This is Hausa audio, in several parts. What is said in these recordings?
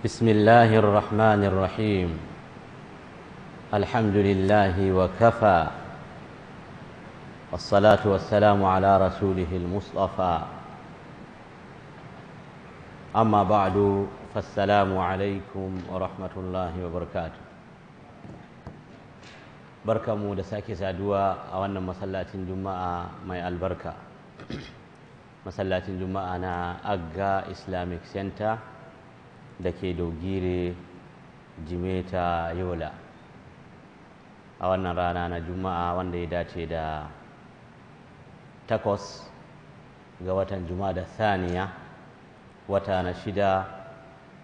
بسم الله الرحمن الرحيم الحمد لله وكفى والصلاة والسلام على رسوله المصطفى أما بعد فالسلام عليكم ورحمة الله وبركاته بركة مودساك سادوا أولا مسلاة جمعة مي البركة مسلاة جمعة أنا أقا إسلامك سنتر da ke dogire jimeta yola a wannan rana na juma'a wanda ya dace da takwas ga watan juma'a da saniya wata na shida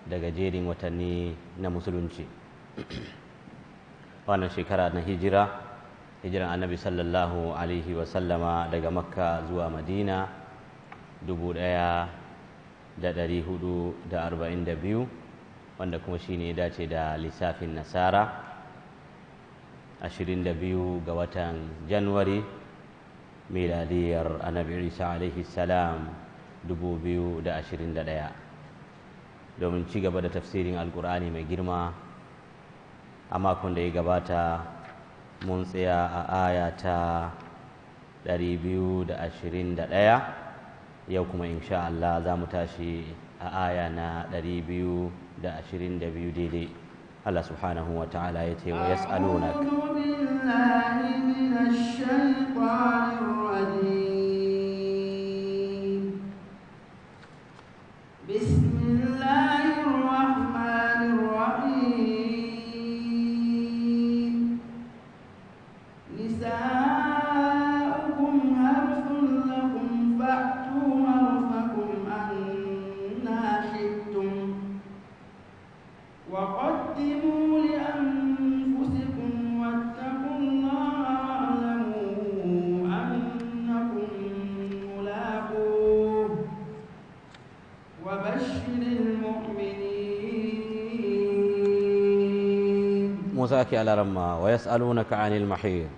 daga jerin watanni na musulunci wannan shekara na hijira hijiran annabi sallallahu alaihi wasallama daga makka zuwa madina dubu ɗaya da ɗari hudu da arba'in da biyu wanda kuma shi ne dace da lissafin nasara ashirin da biyu ga watan januwari miladiyar annabi isa alaihi salam dubu biyu da ashirin da ɗaya domin ci gaba da tafsirin alkur'ani mai girma a makon da ya gabata mun tsaya a aya ta ɗari biyu da ashirin da ɗaya yau kuma insha Allah za mu tashi a aya na 222 daidai Allah subhanahu wa ta'ala ya ce wa yas'alunaka a'udhu billahi minash shaitanir rajim لك يا الأرماء ويسألونك عن المحيط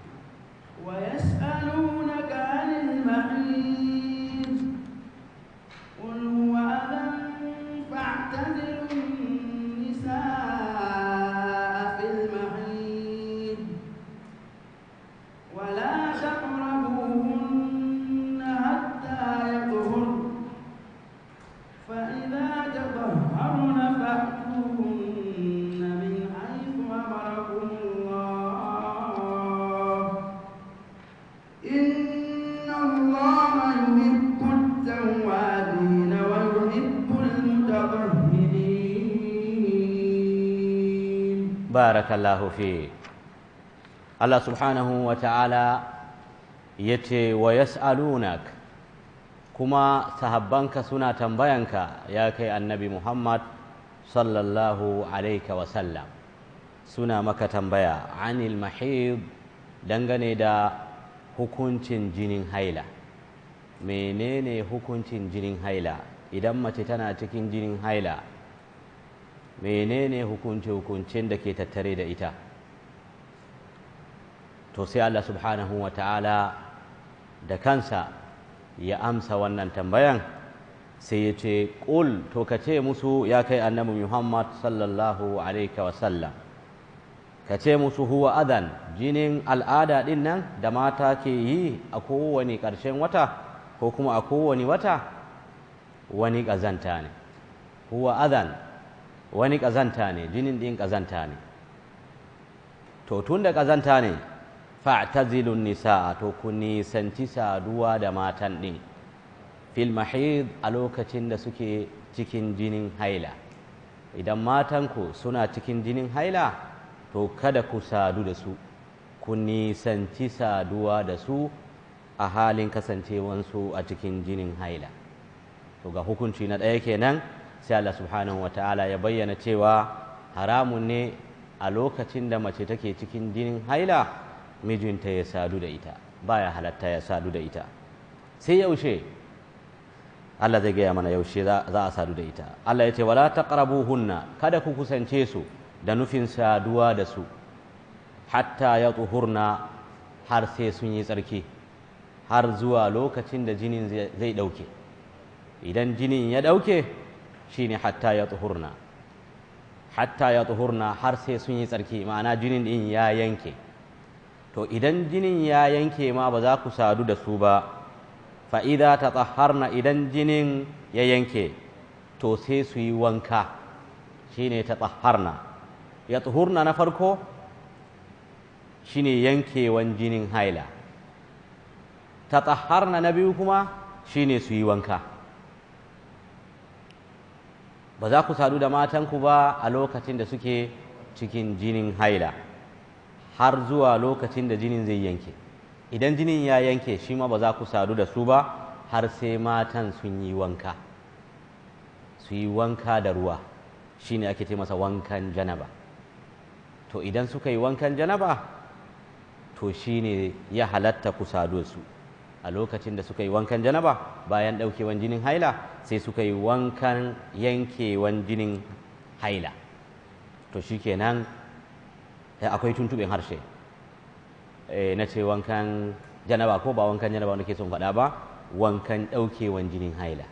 barakallahu fi Allah subhanahu wa ta'ala ya ce wa yas'alunak kuma sahabbanka suna tambayanka ya kai annabi Muhammad sallallahu alaika wasallam suna maka tambaya anil mahid dangane da hukuncin jinin haila menene hukuncin jinin haila idan mace tana cikin jinin haila menene hukunci-hukuncin da ke tattare da ita to sai Allah subhanahu wa ta'ala da kansa ya amsa wannan tambayan sai ya ce ƙul to ka ce musu ya kai annabi muhammad sallallahu alaihi wasallam ka ce musu huwa adan jinin al'ada ɗin nan da mata ke yi a kowane ƙarshen wata ko kuma a kowane wata wani ƙazanta ne huwa adan wani ƙazanta ne jinin ɗin ƙazanta ne to tun da ƙazanta ne fa'tazilun nisa'a to ku nisanci saduwa da matan ɗin fil mahid a lokacin da suke cikin jinin haila idan matanku suna cikin jinin haila to kada ku sadu da su ku nisanci saduwa da su a halin kasancewansu a cikin jinin haila to ga hukunci na ɗaya kenan sai Allah subhanahu wa ta'ala ya bayyana cewa haramun ne a lokacin da mace take cikin jinin haila mijinta ya sadu da ita baya halatta ya sadu da ita sai yaushe Allah zai gaya mana yaushe za a sadu da ita Allah ya ce wala hunna kada ku kusance su da nufin saduwa da su hatta ya tsuhurna har sai sun yi tsarki har zuwa lokacin da jinin zai dauke idan jinin ya dauke. shine hatta ya tuhurna hatta ya tuhurna har sai sun yi tsarki ma'ana jinin din ya yanke to idan jinin ya yanke ma ba za ku sadu da su ba fa'ida ta tsaharna idan jinin ya yanke to sai su yi wanka shine ta tsaharna ya tuhurna na farko shine yankewan jinin haila ta tsaharna na biyu kuma shine su yi wanka ba za ku sadu da matanku ba a lokacin da suke cikin jinin haila har zuwa lokacin da jinin zai yanke idan jinin ya yanke shi ma ba za ku sadu da su ba har sai matan sun yi wanka su yi wanka da ruwa shine ake masa wankan janaba to idan suka yi wankan janaba to shi ne ya halatta ku sadu da su a lokacin da suka yi wankan janaba bayan ɗaukewan jinin haila sai suka yi wankan yankewan jinin haila to shikenan eh, akwai tuntuɓin harshe eh, na ce wankan janaba ko ba wankan janaba wanda ke son faɗa ba wankan ɗaukewan jinin haila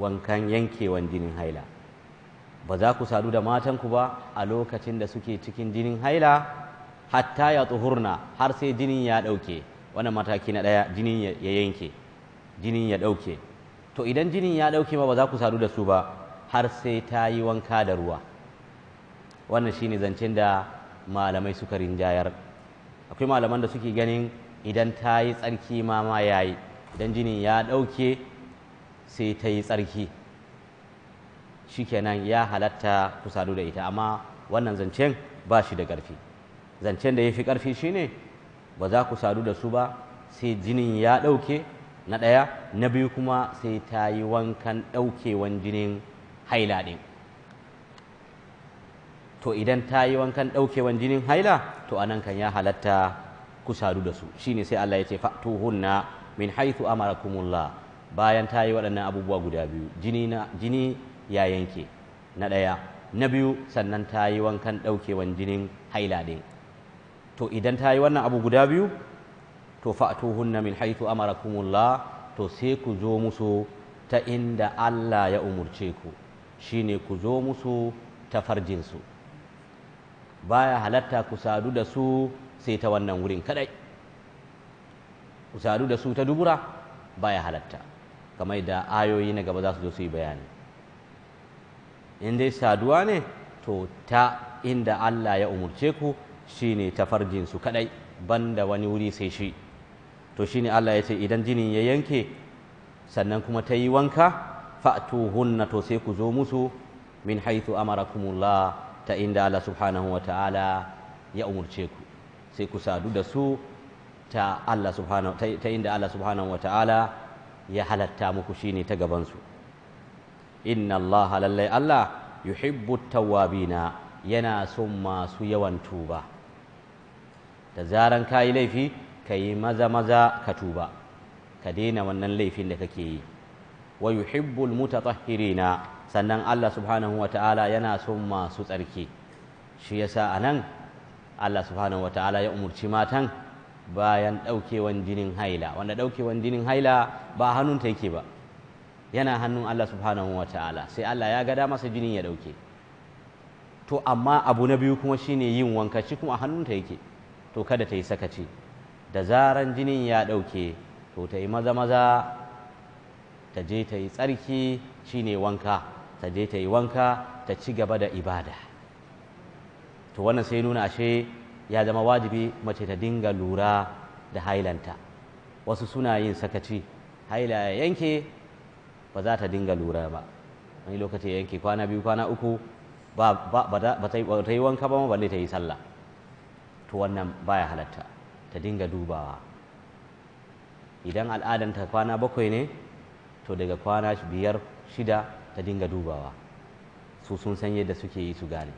wankan yankewan jinin haila ba za ku sadu da matanku ba a lokacin da suke cikin jinin haila hatta ya tsuhurna har sai jinin ya ɗauke wannan mataki na ɗaya jinin ya yanke jinin ya ɗauke to idan jinin ya ɗauke ma ba za ku sadu da su ba har sai ta yi wanka da ruwa wannan shine zancen da malamai suka rinjayar akwai malaman da suke ganin idan ta yi tsarki ma ma ya yi idan jinin ya ɗauke sai ta yi tsarki kenan ya halatta ku sadu da ita amma wannan zancen ba shi da ƙarfi zancen da ya fi ƙarfi shine ne ba za ku sadu da su ba sai jinin ya ɗauke na ɗaya na biyu kuma sai ta yi wankan ɗaukewan jinin haila ɗin to idan ta yi wankan ɗaukewan jinin haila to anan kan ya halatta ku sadu da su shine sai Allah ya ce fa'tuhunna min haythu amarakumullah bayan ta yi waɗannan abubuwa guda biyu jini na jini ya yanke na ɗaya na biyu sannan ta yi wankan ɗaukewan jinin haila ɗin to idan ta yi wannan abu guda biyu to fa'tuhunna min haythu amarakumullah to sai ku zo musu ta inda Allah ya umurce ku shine ku zo musu ta farjinsu baya halatta ku sadu da su sai ta wannan wurin kadai ku sadu da su ta dubura baya halatta kamar da ayoyi na gaba za su zo su yi bayani in dai saduwa ne to ta inda Allah ya umurce ku shine tafarjin su kadai banda wani wuri sai shi to shine Allah ya ce idan jinin ya yanke sannan kuma ta yi wanka fa'tuhunna to sai ku zo musu min haithu amarakumullah ta inda Allah subhanahu wa ta'ala ya umurce ku sai ku sadu da su ta Allah subhanahu ta inda Allah subhanahu wa ta'ala ya halatta muku shine ta gaban su inna Allah lallai Allah yuhibbu tawwabina yana son masu yawan tuba da zaran ka yi laifi ka yi maza maza ka tuba ka daina wannan laifin da kake yi wa yuhibbul mutatahhirina sannan Allah subhanahu wata'ala yana son masu tsarki shi yasa anan Allah subhanahu wata'ala ya umurci matan bayan daukewan jinin haila wanda daukewan jinin haila ba hannunta yake ba yana hannun Allah subhanahu wata'ala sai Allah ya gada masa jinin ya dauke to amma abu na biyu kuma shine yin wanka shi kuma a hannunta yake to kada ta yi sakaci da zaran jinin ya ɗauke to ta yi maza maza ta je ta yi tsarki shine wanka ta je ta yi wanka ta ci gaba da ibada to wannan sai nuna ashe ya zama wajibi mace ta dinga lura da hailanta wasu suna yin sakaci haila ya yanke ba za ta dinga lura ba wani lokaci ya yanke kwana biyu kwana uku ba ta yi wanka ba ma balle ta yi sallah to wannan baya halatta ta dinga dubawa idan al'adanta kwana bakwai ne to daga kwana biyar shida ta dinga dubawa su sun san yadda suke yi su gane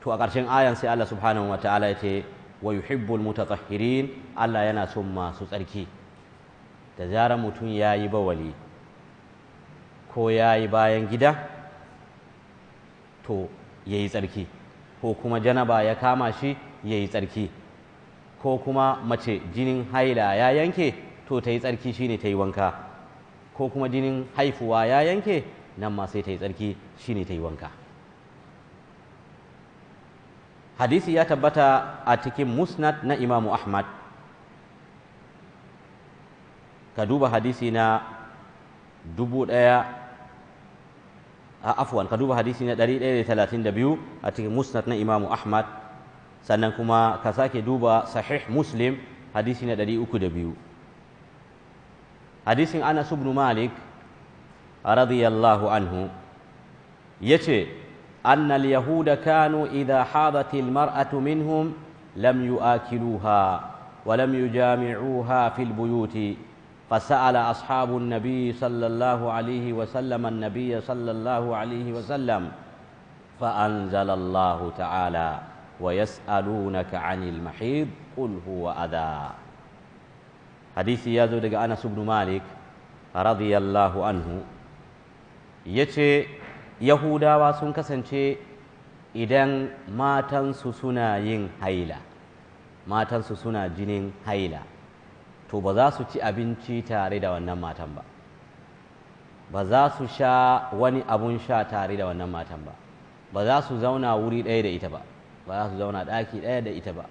to a ƙarshen ayan sai Allah subhanahu wa ta'ala ya ce wa yuhibbul mutatahhirin Allah yana son masu tsarki da zarar mutum ya yi bawali ko ya yi bayan gida to ya yi tsarki ko kuma janaba ya kama shi ya yi tsarki ko kuma mace jinin haila ya yanke to ta yi tsarki shine ta yi wanka ko kuma jinin haifuwa ya yanke nan ma sai ta yi tsarki shine ta yi wanka hadisi ya tabbata a cikin musnad na imamu ahmad ka duba hadisi na dubu ɗaya afwan ka duba hadisi na 132 a cikin musnad na imamu ahmad sannan kuma ka sake duba sahih muslim hadisi na 302 hadisin anas ibn malik radiyallahu anhu yace anna al-yahuda kanu idha hadat al-mar'atu minhum lam yu'akiluha wa lam yujami'uha fil buyuti فسأل أصحاب النبي صلى الله عليه وسلم النبي صلى الله عليه وسلم فأنزل الله تعالى ويسألونك عن المحيض قل هو أذى حديث يازو دقى أنس بن مالك رضي الله عنه يتي يهودا واسون كسنتي إذن ماتن سسنا ين هيلا ماتن سسنا جنين هيلا to ba za su ci abinci tare da wannan matan ba ba za su sha wani abun sha tare da wannan matan ba ba za su zauna wuri ɗaya da ita ba ba za su zauna ɗaki ɗaya da ita ba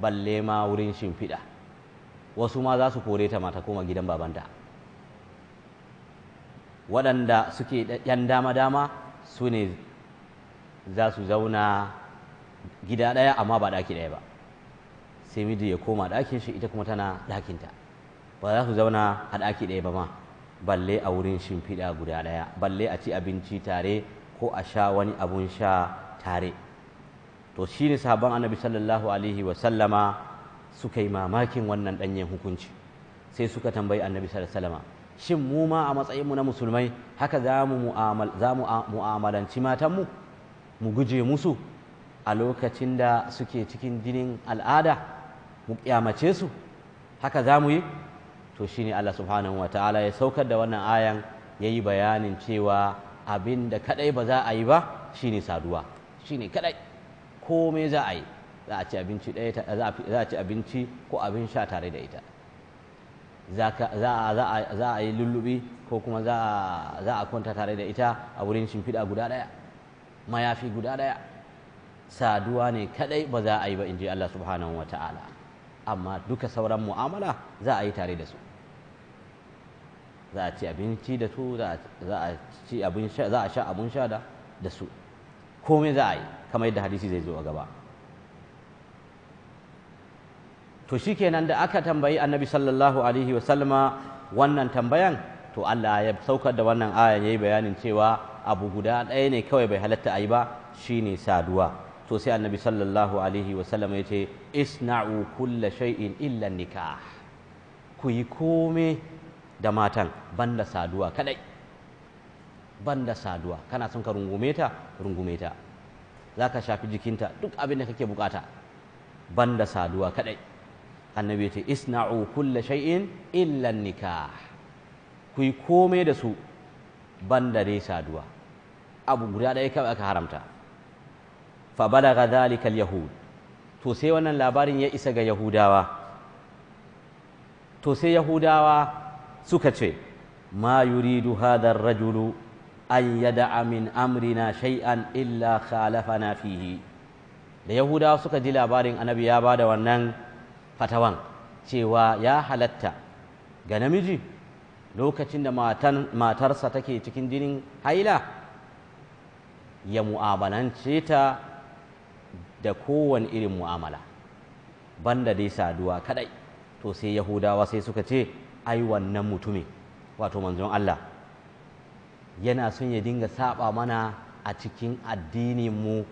balle ma wurin shimfiɗa wasu ma za su kore ta mata koma gidan babanta waɗanda suke ɗan dama-dama su ne za su zauna gida ɗaya amma ba ɗaki ɗaya ba sai miji ya koma ɗakin shi ita kuma tana ɗakinta ba za su zauna a ɗaki ɗaya ba ma balle a wurin shimfiɗa guda ɗaya balle a ci abinci tare ko a sha wani abun sha tare to shi ne sabon annabi sallallahu alaihi wa sallama suka yi mamakin wannan ɗanyen hukunci sai suka tambayi annabi sallallahu alaihi wa shin mu ma a matsayinmu na musulmai haka za mu mu'amalanci matanmu mu guje musu a lokacin da suke cikin jinin al'ada mu kyamace su haka za mu yi to shi ne Allah subhanahu wa ta'ala ya saukar da wannan ayan ya yi bayanin cewa abin da kadai ba za a yi ba shine saduwa shine kadai komai za a yi za a ci abinci za a ci abinci ko abin sha tare da ita za a yi lullubi ko kuma za a kwanta tare da ita a wurin shimfiɗa guda ɗaya mayafi guda ɗaya saduwa ne kadai ba za a yi ba in ji Allah subhanahu wa ta'ala amma duka sauran mu'amala za a yi tare da su za a ci abinci da su za a sha abin sha da su komai za a yi kamar yadda hadisi zai zo a gaba to shi kenan da aka tambayi annabi sallallahu alaihi wasallama wannan tambayan to Allah ya saukar da wannan ayan ya yi bayanin cewa abu guda ɗaya ne kawai bai halatta a yi ba shine saduwa to sai annabi sallallahu alaihi wasallam ya ce isna'u kulla shay'in illa nikah ku yi kome da matan banda saduwa kadai banda saduwa kana son ka rungume ta rungume ta za ka shafi jikinta duk abin da kake bukata banda saduwa kadai annabi ce isna'u kulla shay'in illa nikah ku yi kome da su banda dai saduwa abu guda ɗaya kawai aka haramta fa balagha dhalika yahud to wannan labarin ya isa ga yahudawa to sai yahudawa suka ce ma yuridu hadha ar-rajulu an amin min amrina shay'an illa khalafana fihi da yahudawa suka ji labarin annabi ya bada wannan fatawan cewa ya halatta ga namiji lokacin da matarsa take cikin jinin haila ya mu'amalance ta da kowane irin mu'amala banda dai saduwa kadai to sai yahudawa sai suka ce ai wannan mutumin wato manzon Allah yana son ya dinga saba mana a cikin addinin mu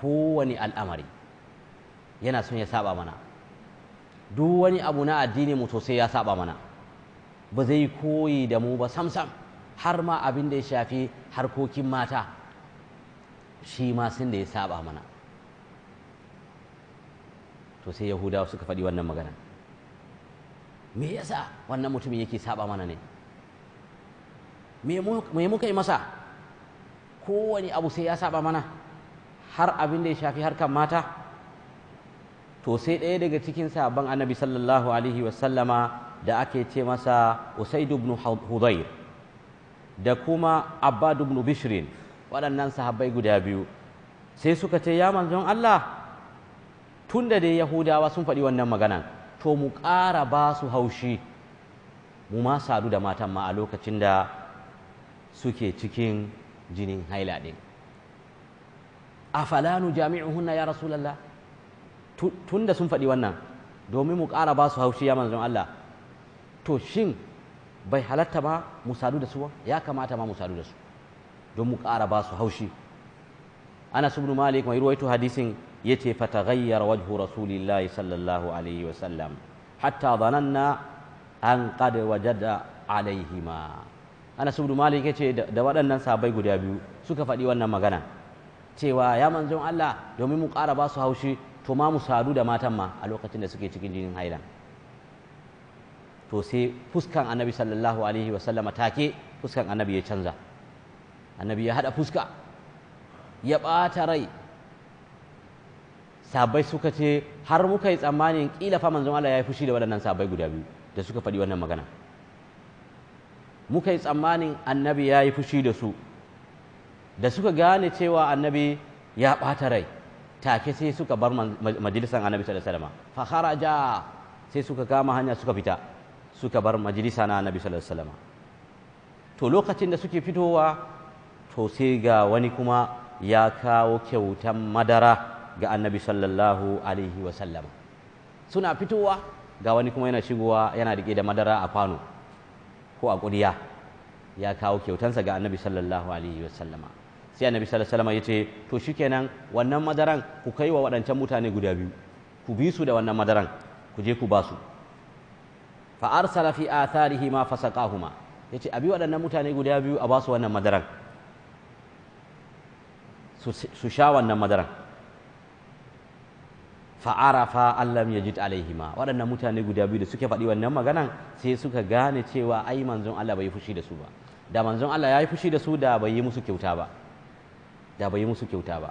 kowane al'amari yana son ya saba mana duk wani abu na addinin mu to sai ya saba mana ba zai koyi da mu ba samsam har ma abin da ya shafi harkokin mata shi ma sun da ya saba mana to sai yahudawa suka faɗi wannan magana me yasa wannan mutumin yake saba mana ne me muka yi masa kowane abu sai ya saba mana har abin da ya shafi harkar mata to sai ɗaya daga cikin sabon annabi sallallahu alaihi wasallama da ake ce masa usaid ibn hudayr da kuma Abba ibn bishrin waɗannan sahabbai guda biyu sai suka ce ya manzon Allah tun da dai yahudawa sun faɗi wannan maganan to mu ƙara ba su haushi mu ma sadu da matan ma a lokacin da suke cikin jinin haila ɗin jami'in hunna ya rasulallah tun da sun faɗi wannan domin mu ƙara ba su haushi ya manzon Allah to shin bai halatta ba mu sadu da su ba ya kamata ma mu sadu da su don mu ƙara ba su haushi ana ibn malik mai ruwaito hadisin yace fataghayyar wajhu rasulillahi sallallahu alaihi wasallam hatta dhananna an kada wajada alaihima Anas ibn Malik ce da waɗannan sabai guda biyu suka faɗi wannan magana cewa ya manzon Allah domin mu ƙara ba su haushi to ma mu sadu da matan ma a lokacin da suke cikin jinin haila to sai fuskan annabi sallallahu alaihi wasallama take fuskan annabi ya canza annabi ya haɗa fuska ya ɓata rai sabai suka ce har muka yi tsammanin kila fa manzon Allah ya yi fushi da waɗannan sabai guda biyu da suka faɗi wannan magana muka yi tsammanin annabi ya yi fushi da su da suka gane cewa annabi ya ɓata rai take sai suka bar majalisar annabi sallallahu alaihi wasallam fa kharaja sai suka kama hanya suka fita suka bar majalisa na annabi sallallahu alaihi to lokacin da suke fitowa to sai ga wani kuma ya kawo kyautan madara ga annabi sallallahu alaihi wasallam suna fitowa ga wani kuma yana shigowa yana rike da madara a kwano ko a ƙuriya ya kawo kyautansa ga annabi sallallahu alaihi wasallama sai annabi sallallahu alaihi wasallama ya ce to shikenan wannan madaran ku kai wa waɗancan mutane guda biyu ku bi su da wannan madaran ku je ku ba su fa arsala fi atharihi ma fasaqahuma yace abi waɗannan mutane guda biyu a ba su wannan madaran su sha wannan madaran fa'arafa allam jid alaihima waɗannan mutane guda biyu da suke faɗi wannan maganan sai suka gane cewa ai manzon Allah bai fushi da su ba da manzon Allah ya yi fushi da su da bai yi musu kyauta ba da bai yi musu kyauta ba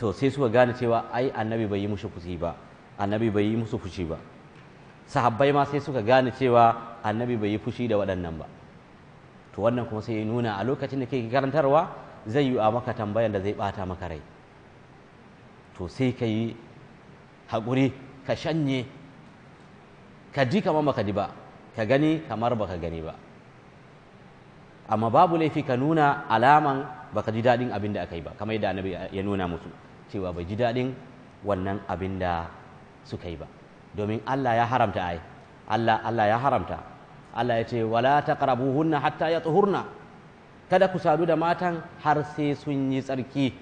to sai suka gane cewa ai annabi bai yi musu fushi ba annabi bai yi musu fushi ba sahabbai ma sai suka gane cewa annabi bai yi fushi da waɗannan ba to wannan kuma sai ya nuna a lokacin da kake karantarwa zai yi a maka tambayan da zai bata maka rai to sai ka yi haƙuri ka shanye ka ji kamar baka ji ba ka gani kamar baka gani ba amma babu laifi ka nuna alaman baka ji daɗin abin da aka yi ba kamar yadda annabi ya nuna musu cewa bai ji daɗin wannan abin da suka yi ba domin Allah ya haramta ai Allah Allah ya haramta Allah ya ce wala taqrabuhunna hatta yatuhurna kada ku sadu da matan har sai sun yi tsarki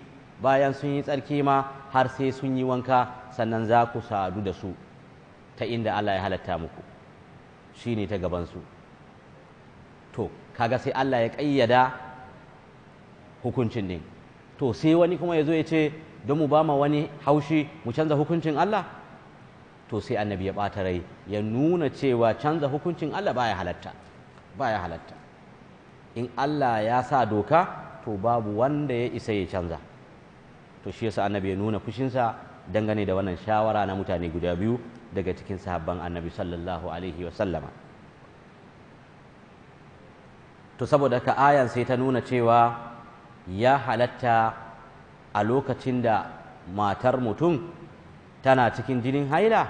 bayan sun yi tsarki ma har sai sun yi wanka sannan za ku sadu da su ta inda Allah ya halatta muku shi ne ta gabansu to kaga sai Allah ya ƙayyada hukuncin din to sai wani kuma ya zo ya ce don mu ba ma wani haushi mu canza hukuncin Allah to sai annabi ya ɓata rai ya nuna cewa canza hukuncin Allah baya halatta baya halatta in Allah ya sa doka to babu wanda ya isa ya canza to shi yasa annabi ya nuna fushinsa dangane da wannan shawara na mutane guda biyu daga cikin sahabban annabi sallallahu alaihi wa sallama to saboda ka ayan sai ta nuna cewa ya halatta a lokacin da matar mutum tana cikin jinin haila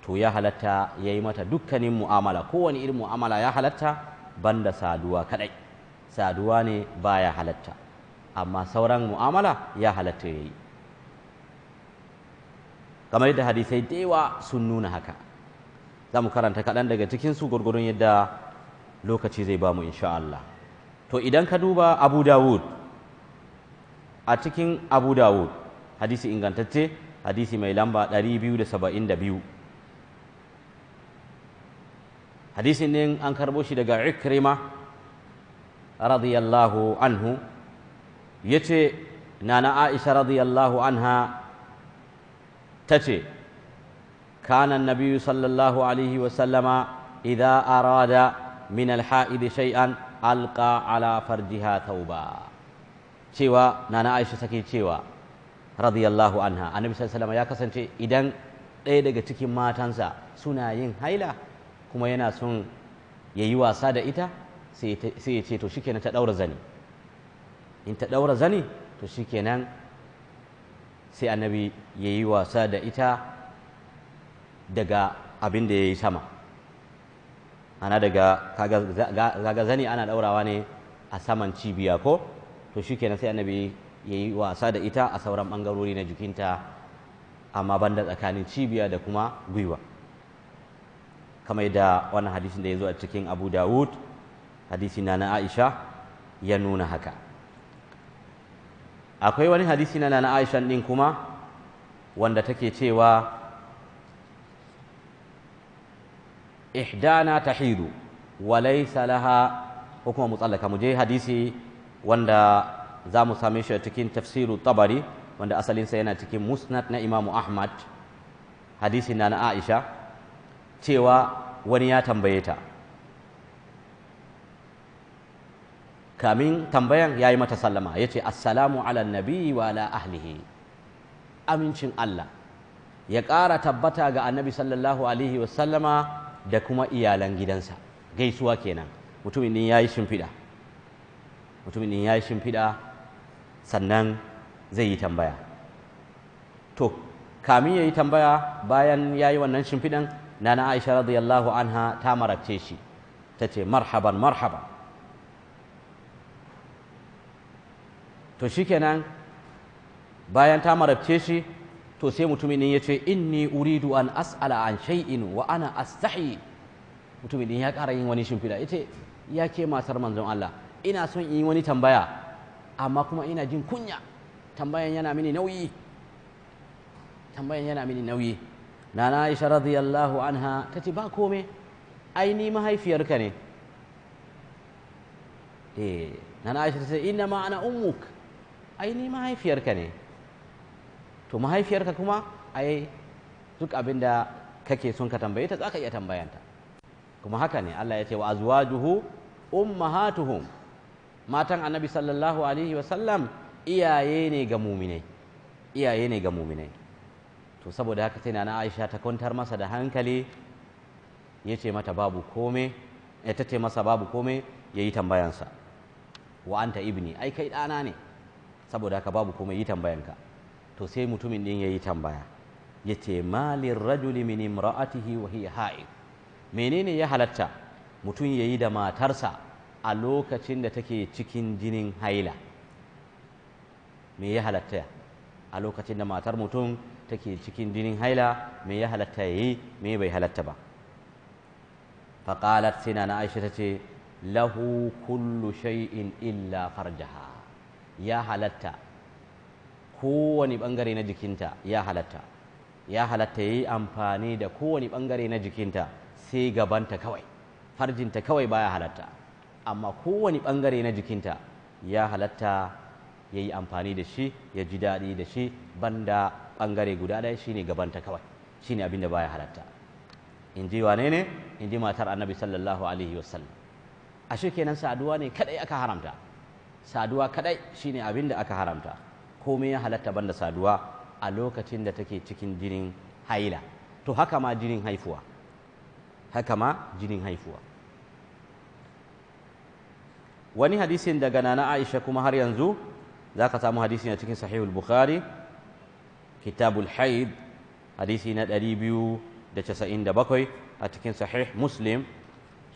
to ya halatta ya yi mata dukkanin mu'amala kowane irin mu'amala ya halatta banda saduwa kadai saduwa ne baya halatta amma sauran mu'amala ya halatta ya yi kamar yadda hadisai da yawa sun nuna haka za mu karanta kaɗan daga cikinsu gwargwadon yadda lokaci zai bamu insha Allah to idan ka duba Abu Dawud a cikin Abu Dawud hadisi ingantacce hadisi mai lamba 272 hadisi ne an karbo shi daga ikrima radiyallahu anhu ya ce nana aisha radiyallahu anha ta ce kanan sallallahu alaihi wa sallama idha arada min alha'id shay'an alqa ala farjiha tauba cewa nana aisha take cewa radiyallahu anha annabi sallallahu ya kasance idan ɗaya daga cikin matansa suna yin haila kuma yana son ya yi wasa da ita sai ya ce to na ta ɗaura zani in ta ɗaura zani to shikenan sai annabi ya yi wasa da ita daga abin da ya yi sama ana daga kaga zani ana ɗaurawa ne a saman cibiya ko to shikenan sai annabi ya yi wasa da ita a sauran ɓangarori na jikinta amma banda tsakanin cibiya da kuma gwiwa kamar yadda wannan hadisin da ya zo a cikin abu dawud hadisi na na aisha ya nuna haka akwai wani hadisi na nana aisha din kuma wanda take cewa ihdana tahidu walai Walai salaha ko kuma mutsallaka mu je hadisi wanda za mu same shi a cikin tafsiru tabari wanda asalinsa yana cikin musnad na imamu ahmad hadisi na na aisha cewa wani ya tambaye ta kamin tambayan ya yi mata sallama ya ce assalamu ala nabi wa ala ahlihi amincin Allah ya ƙara tabbata ga annabi sallallahu alaihi wasallama da kuma iyalan gidansa gaisuwa kenan mutumin ne ya yi shimfiɗa mutumin ya yi shimfiɗa sannan zai yi tambaya to kamin ya yi tambaya bayan ya yi wannan shimfiɗan nana aisha radiyallahu anha ta marabce shi ta ce marhaban marhaban to shikenan bayan ta marabce shi to sai mutumin ya ce inni uridu an as'ala an shay'in wa ana astahi mutumin ya ƙara yin wani shimfiɗa ita ya ke matar manzon Allah ina son in yi wani tambaya amma kuma ina jin kunya tambayan yana mini nauyi tambayan yana mini nauyi nana Aisha radiyallahu anha ta ce ba kome ai ni mahaifiyarka ne eh nana Aisha ta ce inna ma ana ummuk ai ni mahaifiyarka ne to mahaifiyarka kuma ai duk abinda kake son ka tambaye ta zaka ka iya tambayanta kuma haka ne Allah ya ce wa azwajuhu ummahatuhum matan annabi sallallahu alaihi wa sallam iyaye ne ga muminai iyaye ne ga muminai to saboda haka sai nana Aisha ta kwantar masa da hankali ya ce mata babu kome ya eh, tace masa babu kome yayi tambayansa wa anta ibni ai kai dana ne saboda haka babu kuma yi tambayanka to sai mutumin din yayi tambaya yace malir rajuli min imra'atihi wa hiya ha'id menene ya halatta mutum yayi da matarsa a lokacin da take cikin jinin haila me ya halatta a lokacin da matar mutum take cikin jinin haila me ya halatta yayi me bai halatta ba faqalat sina na aisha tace lahu kullu shay'in illa farjaha ya halatta kowane bangare na jikinta ya halatta ya halatta ya yi amfani da kowane bangare na jikinta sai gabanta kawai farjinta kawai baya halatta amma kowane bangare na jikinta ya halatta ya yi amfani da shi ya ji daɗi da shi banda bangare guda ɗaya shine gabanta kawai shine abin da baya halatta in ji wane ne in ji matar annabi sallallahu alaihi wasallam ashe kenan saduwa ne kadai aka haramta saduwa kadai shine abin da aka haramta komai ya halatta banda saduwa a lokacin da take cikin jinin haila to haka ma jinin haifuwa haka ma jinin haifuwa wani hadisin daga nana Aisha kuma har yanzu za ka samu hadisin a cikin sahihul bukhari kitabul haid hadisi na 297 a cikin sahih muslim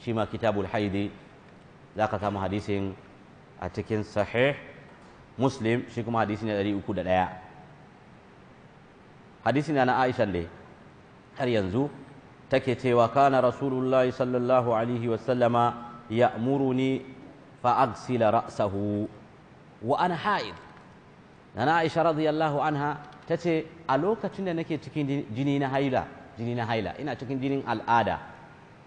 shi ma kitabul haidi ka samu hadisin a cikin sahih muslim shi kuma hadisi ne 301 hadisi na aisha ne har yanzu take cewa kana rasulullahi sallallahu alaihi wasallama ya'muruni fa agsila ra'sahu wa ana haid nana aisha radiyallahu anha tace a lokacin da nake cikin jini na haila jini na haila ina cikin jinin al'ada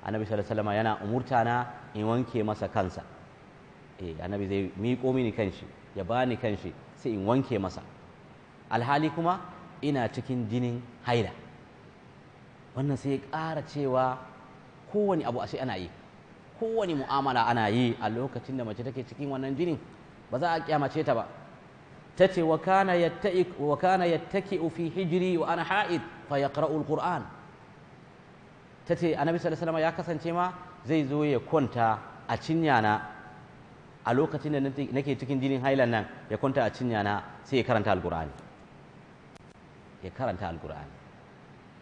annabi sallallahu alaihi wasallama yana umurtana in wanke masa kansa eh annabi zai miƙo mini kanshi ya bani kanshi sai in wanke masa alhali kuma ina cikin jinin haila wannan sai ya ƙara cewa kowane abu ashe ana yi kowane mu'amala ana yi a lokacin da mace take cikin wannan jinin ba za a kyamace ta ba ta ce wa kana yattaki fi hijiri wa ana ha'id fa ya yaqra'u alquran ta ce annabi sallallahu alaihi ya kasance ma zai zo ya kwanta a cinya na a lokacin da nake cikin jinin hailan nan ya kwanta a cinya na sai ya karanta alkur'ani ya karanta alkur'ani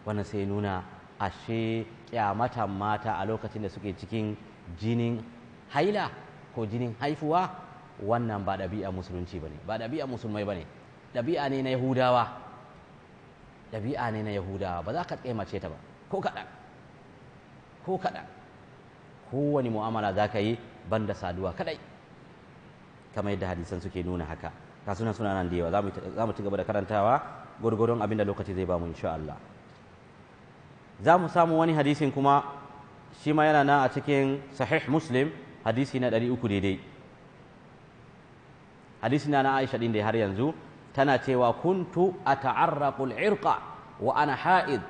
wannan sai nuna ashe ƙyamata, mata a lokacin da suke cikin jinin haila ko jinin haifuwa wannan ba ɗabi'a musulunci ba ne ba ɗabi'a musulmai ba ne ɗabi'a ne na yahudawa ɗabi'a ne na yahudawa ba za ka mace ta ba ko kaɗan ko kaɗan kowane mu'amala za ka yi ban da saduwa kaɗai kamar yadda hadisan suke nuna haka ka suna suna nan da yawa zamu zamu ci gaba da karantawa gurgurun abin da lokaci zai ba mu insha Allah zamu samu wani hadisin kuma shi ma yana nan a cikin sahih muslim hadisi na 300 daidai hadisi na na Aisha din dai har yanzu tana cewa kuntu ata'arraqul irqa wa ana ha'id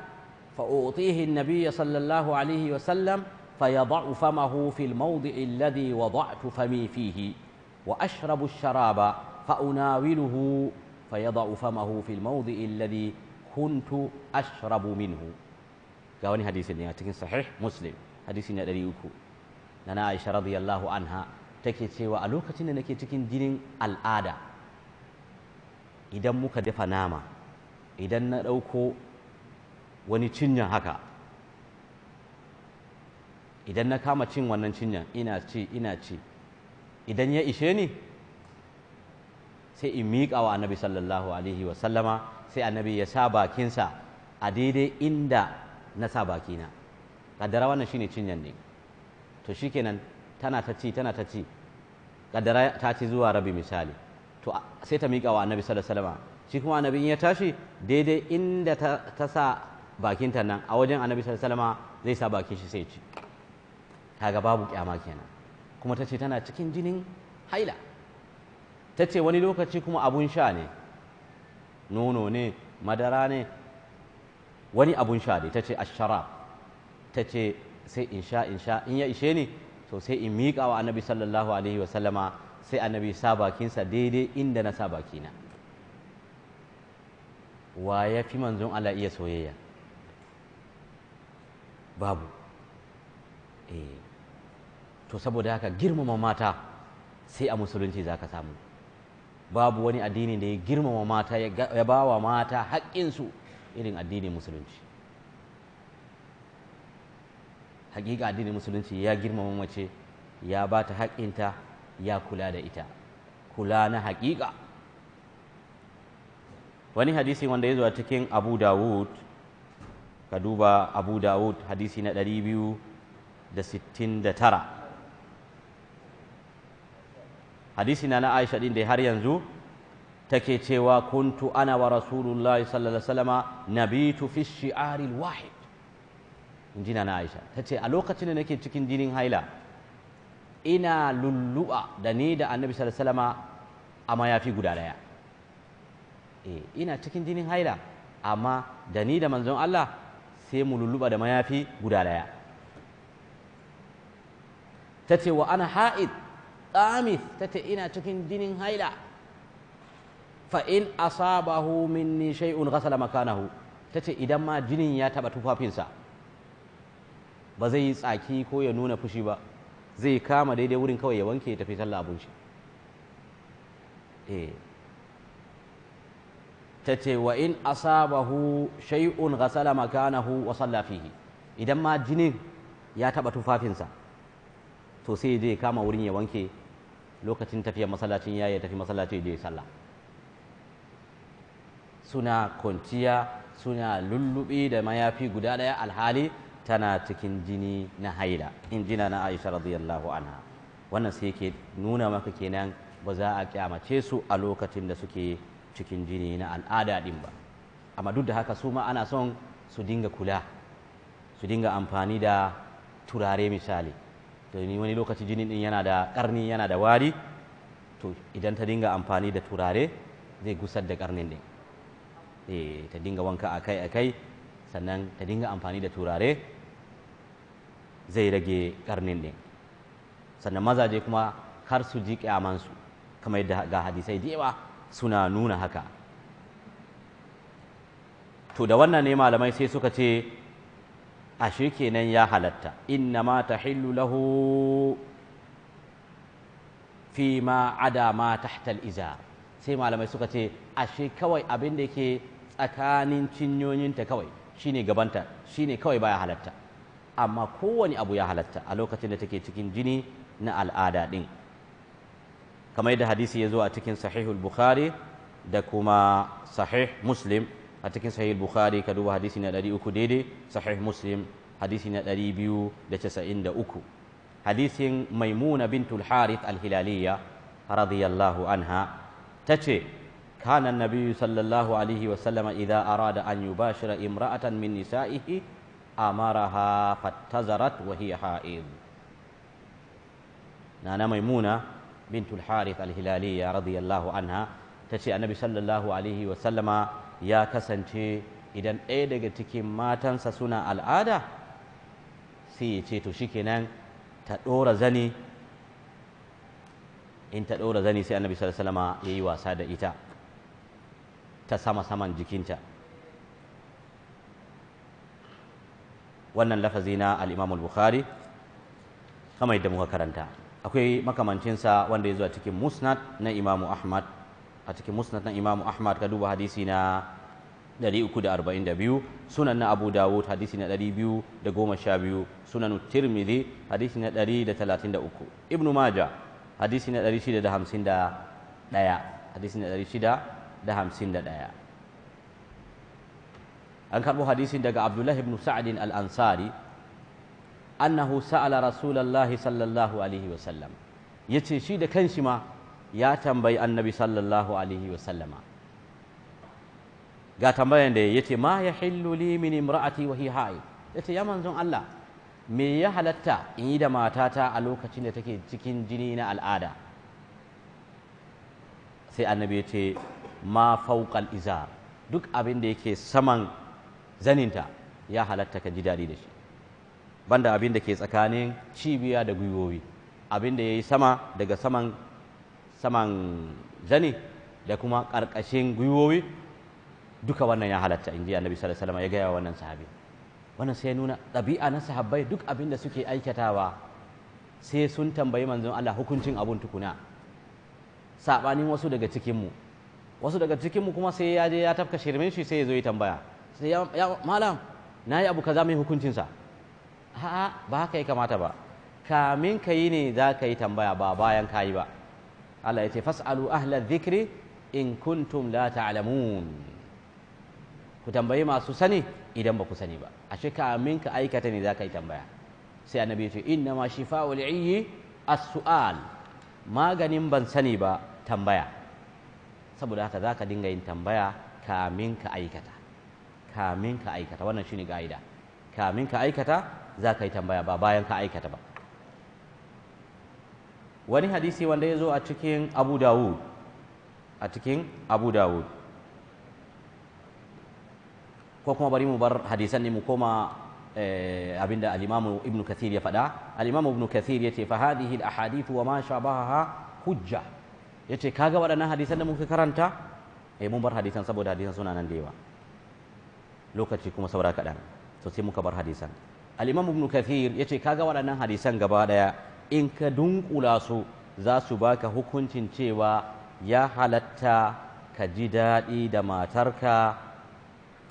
fa utihi an-nabiy sallallahu alaihi wa sallam fayad'u famahu fil mawdi'i alladhi wada'tu fami fihi وأشرب الشراب فأناوله فيضع فمه في الموضع الذي كنت أشرب منه قاوني حديث لكن صحيح مسلم حديث الذي يكو نانا عائشة رضي الله عنها take cewa a lokacin da nake cikin jinin al'ada idan muka dafa nama idan na ɗauko wani cinyan haka idan na kama cin wannan cinyan ina ina ci idan ya ishe ni sai in miƙa wa annabi sallallahu alaihi wasallama sai annabi ya sa bakinsa a daidai inda na sa bakina Ƙaddara wannan shine cinyan ne to shikenan tana ta ci tana ta ci Ƙaddara ta ci zuwa rabi misali to sai ta miƙa wa annabi sallallahu alaihi wasallama shi kuma annabi in ya tashi daidai inda ta sa bakinta nan a wajen annabi sallallahu alaihi wasallama zai sa bakin shi sai ci kaga babu kyama kenan kuma ta ce tana cikin jinin haila ta ce wani lokaci kuma abun sha ne nono ne madara ne wani abun sha ne ta ce ashara ta ce sai in sha in sha in ya ishe ni to sai in miƙa wa annabi sallallahu alaihi wasallama sai annabi sa bakinsa daidai inda na sa bakina wa ya fi manzon Allah iya soyayya babu eh to saboda haka girmama mata sai a musulunci za ka samu babu wani addini da ya girmama mata ya ba wa mata haƙƙinsu irin addinin musulunci hakika addinin musulunci ya girmama mace ya ba ta haƙƙinta ya kula da ita kula na hakika wani hadisi wanda ya zuwa cikin abu dawud ka duba abu dawud hadisi na 269 hadisi na na Aisha din da har yanzu take cewa kuntu ana wa rasulullahi sallallahu alaihi wasallama nabitu fi shi'ari wahid inji na Aisha tace a lokacin da nake cikin jinin haila ina lullu'a da ni da annabi sallallahu alaihi wasallama a mayafi guda daya eh ina cikin jinin haila amma da ni da manzon Allah sai mu lulluba da mayafi guda daya tace wa ana ha'id ƙamis ta ina cikin jinin haila fa in asabahu minni shay'un ghasala makanahu ta ce idan ma jinin ya taɓa tufafinsa ba zai yi tsaki ko ya nuna fushi ba zai kama daidai wurin kawai ya wanke ya tafi sallah abun shi eh. ta ce wa in asabahu shay'un ghasala makanahu wa salla fihi idan ma jinin ya taɓa tufafinsa to sai je kama wurin ya wanke lokacin tafiya masallacin yayi tafi masallacin da ya salla suna kwanciya suna lullubi da mayafi guda daya alhali tana cikin jini na haila in jina na Aisha radiyallahu anha wannan sai ke nuna maka kenan ba za a kyamace su a lokacin da suke cikin jini na al'ada din ba amma duk da haka su ma ana son su dinga kula su dinga amfani da turare misali ni wani lokaci jini din yana da karni yana da wari to idan ta dinga amfani da turare zai gusar da karnin din eh ta dinga wanka akai akai sannan ta dinga amfani da turare zai rage karnin din sannan mazaje kuma har su ji kyamansu kamar yadda ga hadisai da yawa suna nuna haka to da wannan ne malamai sai suka ce a kenan ya halatta inna ma ta lahu fi ma ada ma tahtal iza sai malamai suka ce ashe kawai abin da ke tsakanin cinyoyinta kawai shine gabanta shine kawai baya halatta amma kowane abu ya halatta a lokacin da take cikin jini na al'ada din kamar da hadisi ya zo a cikin sahihul bukhari da kuma sahih muslim a cikin sahih bukhari ka duba hadisi na 300 daidai sahih muslim hadisi na 293 hadisin maimuna bintul harith al-hilaliya radiyallahu anha tace kana annabi sallallahu alaihi wa sallama idza arada an yubashira imra'atan min nisa'ihi amaraha fattazarat wa hiya ha'id nana maimuna bintul harith al-hilaliya radiyallahu anha tace annabi sallallahu alaihi wa sallama ya kasance idan ɗaya daga cikin matansa suna al'ada sai ya ce to shikenan ta ɗora zani in ta ɗora zani sai annabi sallallahu ya yi wasa da ita ta sama saman jikinta wannan lafazi na al’imamul bukhari kama yadda muka karanta akwai makamancinsa wanda ya zuwa cikin Musnad na imamu Ahmad a cikin musnad nan imamu Ahmad ka duba hadisi na 342 sunan na Abu Dawud hadisi na 212 sunan Tirmidhi hadisi na 133 Ibn maja hadisi na 651 hadisi na 651 an karɓo hadisin daga abdullahi ibn sa'adin al-ansari annahu sa'ala rasulallahi sallallahu alaihi wasallam ya ce shi da kanshi ma ya tambayi annabi sallallahu alaihi wasallama ga tambayan da ya ce ma ya hillu li min imra'ati wa hi ya ce ya manzon Allah me ya halatta in yi da matata a lokacin da take cikin jini na al'ada sai annabi ya ce ma fauqal izar duk abin da yake saman zaninta ya halatta ka ji dadi da shi banda abin da ke tsakanin cibiya da gwiwowi abin da ya yi sama daga saman saman zani da kuma ƙarƙashin gwiwowi duka wannan ya halatta inji annabi sallallahu alaihi salama ya gaya wannan sahabi wannan sai nuna ɗabi'a na sahabbai duk abin da suke aikatawa sai sun tambayi manzon Allah hukuncin abun tukuna sabanin wasu daga cikin wasu daga cikin kuma sai ya je ya tafka shirmin shi sai ya zo ya tambaya sai ya, ya malam nayi abu kaza mai hukuncin sa a'a ba haka ya kamata ba kamin ka yi ne za ka yi tambaya ba bayan ka yi ba Allah ya ce fas'alu ahla dhikri in kuntum la ta'lamun ku tambayi masu sani idan ba ku sani ba ashe kamin ka aikata ne zaka yi tambaya sai annabi ya ce inna ma shifa'ul 'iyyi as-su'al maganin ban sani ba tambaya saboda haka zaka dinga yin tambaya kamin ka aikata kamin ka aikata wannan shine ga'ida kamin ka aikata zaka yi tambaya ba bayan ka aikata ba wani hadisi wanda ya zo a cikin abu dawud a cikin abu dawud ko kuma bari mu bar hadisan ne mu koma eh, abinda Alimamu ibn kathir ya faɗa Alimamu ibn kathir ya ce fa hadihi al-ahadith wa ma shabaha hujja ya ce kaga waɗannan hadisan da muka karanta eh mun bar hadisan saboda hadisan suna nan da yawa lokaci kuma saura kaɗan to sai muka bar hadisan al ibn kathir ya ce kaga waɗannan hadisan gaba ɗaya in ka dunkula su za su baka hukuncin cewa ya halatta ka ji daɗi da matarka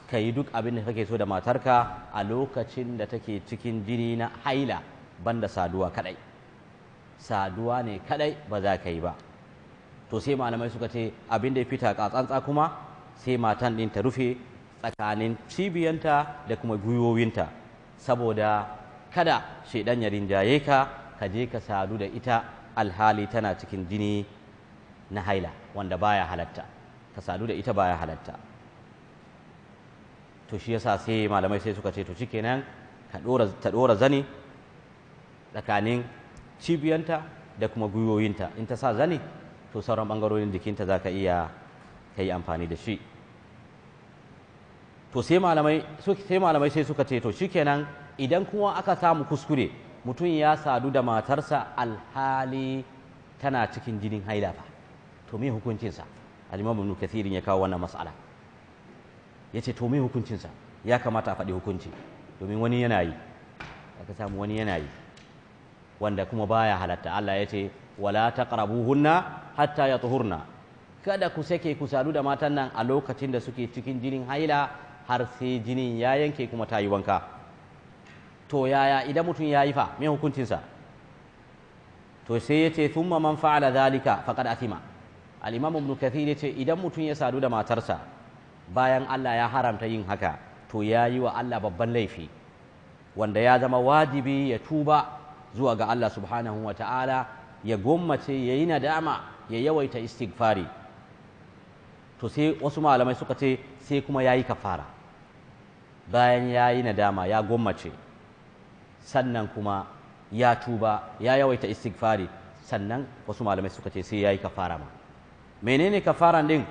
ka yi duk abin da kake so da matarka a lokacin da take cikin jini na haila banda saduwa kadai saduwa ne kadai ba za ka yi ba to sai malamai suka ce abin da ya fita tsantsa kuma sai matan ɗin ta rufe tsakanin cibiyanta da kuma gwiwowinta saboda kada shaidan ya rinjaye ka ka je ka sadu da ita alhali tana cikin jini na haila wanda baya halatta ka sadu da ita baya halatta to shi yasa sai malamai sai suka ce to shikenan ka dora ta dora zani tsakanin cibiyanta da kuma gwiwoyinta in ta sa zani to sauran bangarorin jikinta za ka iya ka yi amfani da shi to sai malamai sai suka ce to shikenan idan kuma aka samu kuskure mutum ya sadu da matarsa alhali tana cikin jinin haila fa to me hukuncinsa al-imam ibn kathir ya kawo wannan mas'ala yace to me hukuncinsa ya kamata a faɗi hukunci domin wani yana yi aka samu wani yana yi wanda kuma baya halatta Allah yace wala taqrabuhunna hatta yatuhurna kada ku sake ku sadu da matan nan a lokacin da suke cikin jinin haila har sai jinin ya yanke kuma ta yi wanka to yaya idan mutum ya yi fa mai hukuncinsa to sai ya ce thumma man fa'ala dhalika faqad athima al-imam ibn kathir ce idan mutum ya sadu da matarsa bayan Allah ya haramta yin haka to ya yi wa Allah babban laifi wanda ya zama wajibi ya tuba zuwa ga Allah subhanahu wa ta'ala ya gwammace ya yi nadama ya yawaita istighfari to sai wasu malamai suka ce sai kuma ya yi kafara bayan ya yi nadama ya gwammace sannan kuma ya tuba ya yawaita istighfari sannan wasu malamai suka ce sai yayi kafara ma menene kafaran din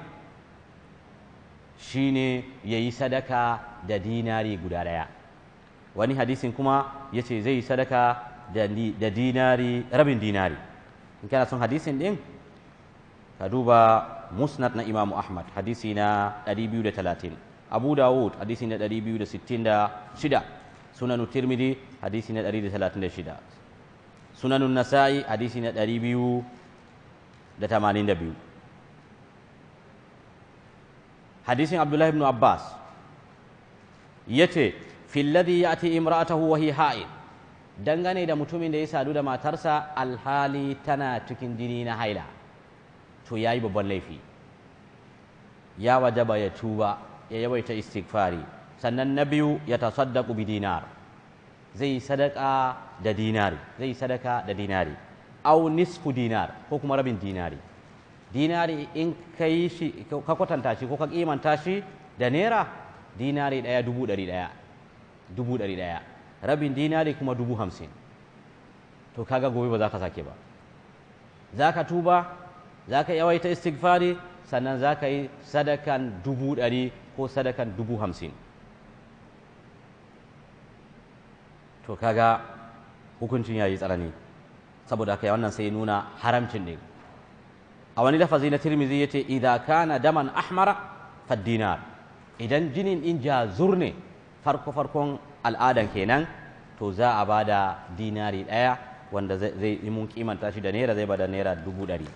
shine yi sadaka da dinari guda daya wani hadisin kuma ya ce zai yi sadaka da dinari rabin dinari in kana son hadisin din ka duba musnad na imamu ahmad hadisi na 230 abu dawud hadisi na 266 Sunanun tirmidhi hadisi na 136 sunanun nasa'i hadisi na 282 hadisin abdullahi ibn abbas yace fil ya ya'ti imra'atahu wa hi ha'id dangane da mutumin da ya sadu da matarsa alhali tana cikin jini na haila to yayi babban laifi ya wajaba ya tuba ya yawaita istighfari sannan na biyu ya tasaddaqu bi dinar zai sadaka da dinari zai sadaka da dinari au nisfu dinar ko kuma rabin dinari dinari in ka yi shi ka kwatanta shi ko ka kimanta shi da naira dinari ɗaya dubu ɗari ɗaya dubu ɗari ɗaya rabin dinari kuma dubu hamsin to kaga gobe ba za ka sake ba za ka tuba za ka yawaita istighfari sannan za ka yi sadakan dubu ɗari ko sadakan dubu hamsin to kaga hukuncin yayi tsanani saboda haka wannan sai nuna haramcin ne a wani lafazi na tirmizi yace idza kana daman ahmara fa dinar idan jinin in ja zurne farko farkon al'adan kenan to za a bada dinari daya wanda zai mun kimanta shi da naira zai bada naira dubu dari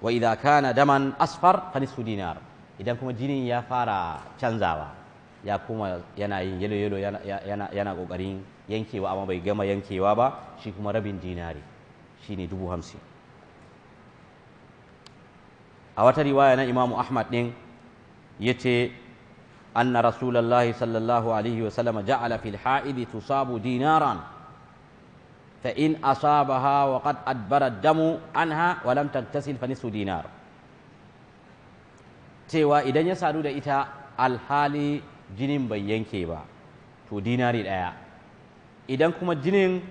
wa idza kana daman asfar fa nisfu dinar idan kuma jinin ya fara canzawa ya kuma yana yin yelo yelo yana yana kokarin yankewa amma bai gama yankewa ba shi kuma rabin dinari ne dubu hamsin a wata riwaya na imamu ahmad ɗin ya ce anna rasulallahi sallallahu alaihi wasallam ja'ala fil ha'idi tusabu dinaran fa in asabaha wa qad adbara damu anha wa lam tagtasil fa nisfu dinar cewa idan ya sadu da ita alhali jinin bai yanke ba to dinari ɗaya idan kuma jinin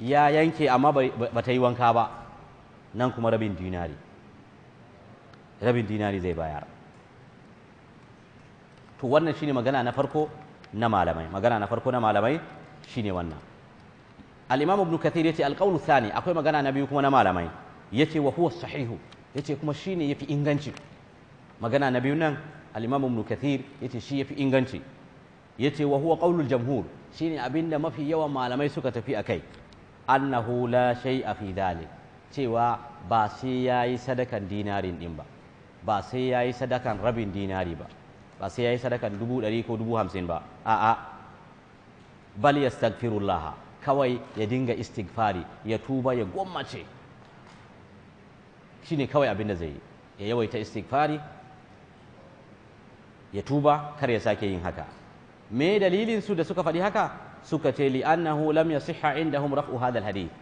ya yanke amma ba ta yi wanka ba nan kuma rabin dinari rabin dinari zai bayar to wannan shine magana na farko na malamai magana na farko na malamai shine wannan al-imam ibn kathir yace al-qawl thani akwai magana na biyu kuma na malamai yace wa huwa sahihu yace kuma shine yafi inganci magana na biyu nan al-imam ibn kathir yace shi yafi inganci Ya ce wa huwa ƙaunar jamhur shi abin abinda mafi yawan malamai suka tafi a kai. annahu la a fi dhalik cewa ba sai ya yi sadakan dinarin din ba ba sai ya yi sadakan rabin dinari ba ba sai ya yi sadakan dubu ɗari ko dubu hamsin ba a'a bal yastaghfirullah kawai ya dinga istighfari ya tuba ya gwammace ne kawai abin da zai yi ya yawaita istighfari ya tuba kar ya sake yin haka me dalilin su da suka faɗi haka suka ce li annahu lam yasihha indahum raf'u hadha alhadith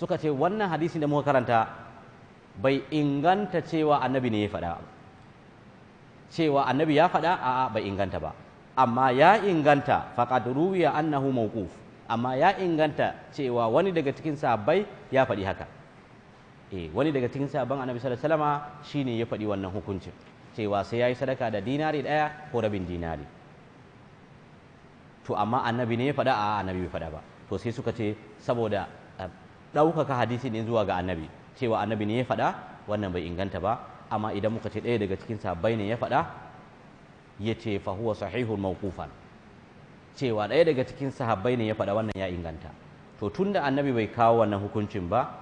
suka ce wannan hadisin da muka karanta bai inganta cewa annabi ne ya faɗa cewa annabi ya faɗa a'a bai inganta ba amma ya inganta faqad ruwiya annahu mawquf amma ya inganta cewa wani daga cikin sahabbai ya faɗi haka eh wani daga cikin sahabban annabi sallallahu alaihi wasallama shine ya faɗi wannan hukuncin cewa sai yayi sadaka da dinari daya ko rabin dinari to amma annabi ne ya faɗa a annabi bai faɗa ba to sai suka ce saboda eh, ɗaukaka hadisi ne zuwa ga annabi cewa annabi ne ya faɗa wannan bai inganta ba amma idan muka ce ɗaya daga cikin sahabbai ne ya faɗa ya ce fa huwa sahihul mawqufan cewa ɗaya daga cikin sahabbai ne ya faɗa wannan ya inganta to tunda annabi bai kawo wannan hukuncin ba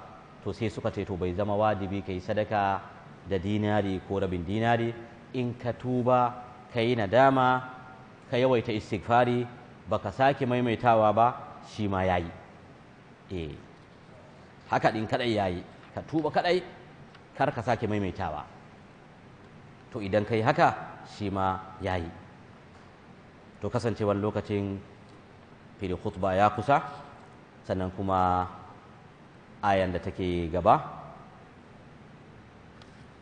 to sai suka ce to bai zama wajibi kai sadaka da dinari ko rabin dinari in ka tuba ka yi nadama ka yawaita istighfari baka sake maimaitawa ba shi ma yayi yi eh, haka din kadai yayi ka tuba kaɗai kar ka sake maimaitawa to idan yi haka shi ma yayi to kasancewar lokacin fili khutba ya kusa sannan kuma ayan da take gaba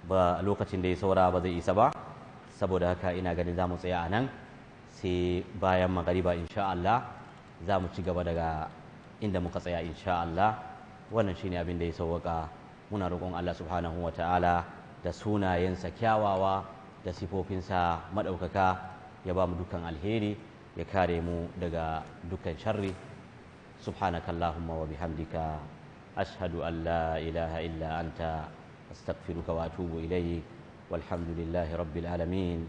ba lokacin da ya saura ba zai isa ba saboda haka ina ganin za mu tsaya a nan sai bayan magariba insha Allah za mu ci gaba daga inda muka tsaya insha Allah wannan shine abin da ya sauwaka muna roƙon Allah subhanahu ta'ala da sunayensa kyawawa da sifofinsa maɗaukaka ya ba mu dukkan alheri ya kare mu daga dukkan sharri Allahumma wa bihamdika ashhadu an la ilaha illa anta astaghfiruka wa atubu ilayk والحمد لله رب العالمين